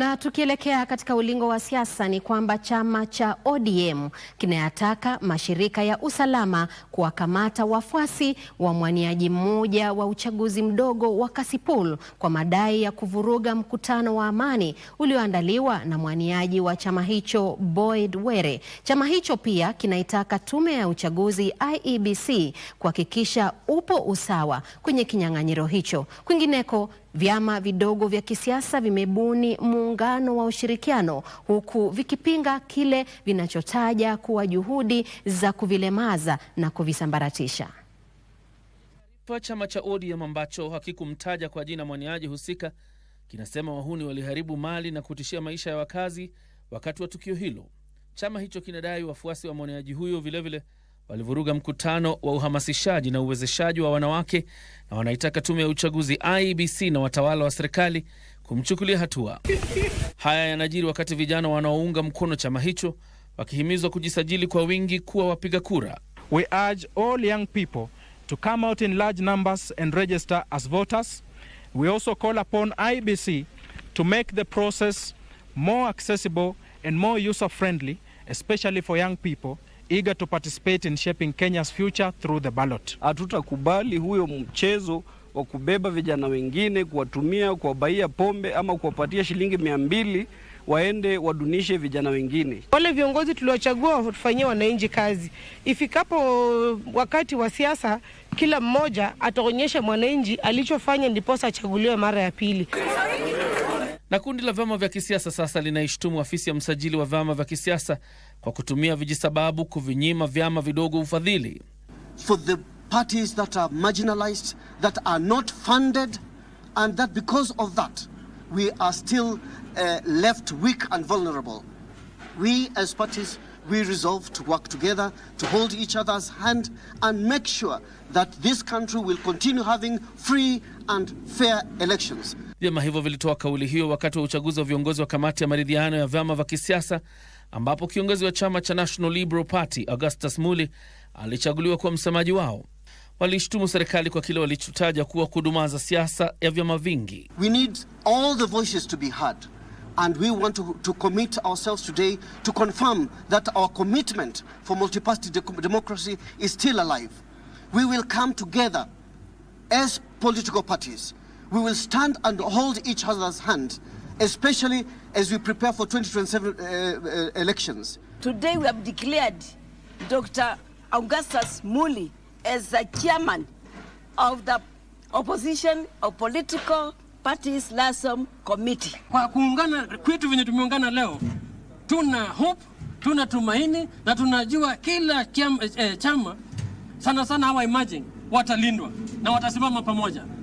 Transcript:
Na tukielekea katika ulingo wa siasa ni kwamba chama cha ODM kinayataka mashirika ya usalama kuwakamata wafuasi wa mwaniaji mmoja wa uchaguzi mdogo wa Kasipul kwa madai ya kuvuruga mkutano wa amani ulioandaliwa na mwaniaji wa chama hicho Boyd Were. Chama hicho pia kinaitaka tume ya uchaguzi IEBC kuhakikisha upo usawa kwenye kinyang'anyiro hicho. Kwingineko Vyama vidogo vya kisiasa vimebuni muungano wa ushirikiano huku vikipinga kile vinachotaja kuwa juhudi za kuvilemaza na kuvisambaratisha. Kipa chama cha ODM ambacho hakikumtaja kwa jina mwaniaji husika kinasema wahuni waliharibu mali na kutishia maisha ya wakazi wakati wa tukio hilo. Chama hicho kinadai wafuasi wa mwaniaji huyo vilevile walivuruga mkutano wa uhamasishaji na uwezeshaji wa wanawake na wanaitaka tume ya uchaguzi IEBC na watawala wa serikali kumchukulia hatua. Haya yanajiri wakati vijana wanaounga mkono chama hicho wakihimizwa kujisajili kwa wingi kuwa wapiga kura. We urge all young people to come out in large numbers and register as voters. We also call upon IEBC to make the process more accessible and more user friendly especially for young people eager to participate in shaping Kenya's future through the ballot. Hatutakubali huyo mchezo wa kubeba vijana wengine kuwatumia kuwabaia pombe ama kuwapatia shilingi mia mbili waende wadunishe vijana wengine. Wale viongozi tuliwachagua watufanyie wananchi kazi. Ifikapo wakati wa siasa, kila mmoja ataonyesha mwananchi alichofanya, ndiposa achaguliwe mara ya pili. Na kundi la vyama vya kisiasa sasa linaishtumu afisi ya msajili wa vyama vya kisiasa kwa kutumia vijisababu kuvinyima vyama vidogo ufadhili. For the parties that are marginalized, that are not funded, and that because of that, we are still uh, left weak and vulnerable. We as parties we resolve to work together, to hold each other's hand, and make sure that this country will continue having free and fair elections. Vyama hivyo vilitoa kauli hiyo wakati wa uchaguzi wa viongozi wa kamati ya maridhiano ya vyama vya kisiasa ambapo kiongozi wa chama cha National Liberal Party Augustus Muli alichaguliwa kuwa msemaji wao. Walishtumu serikali kwa kile walichotaja kuwa kudumaza siasa ya vyama vingi. We need all the voices to be heard and we want to, to commit ourselves today to confirm that our commitment for multiparty de democracy is still alive. We will come together as political parties. We will stand and hold each other's hand, especially as we prepare for 2027 uh, uh, elections. Today we have declared Dr. Augustus Muli as the chairman of the opposition or political Parties Lasom Committee. Kwa kuungana kwetu venye tumeungana leo, tuna hope, tuna tumaini na tunajua kila chama, eh, chama sana sana hawa emerging watalindwa na watasimama pamoja.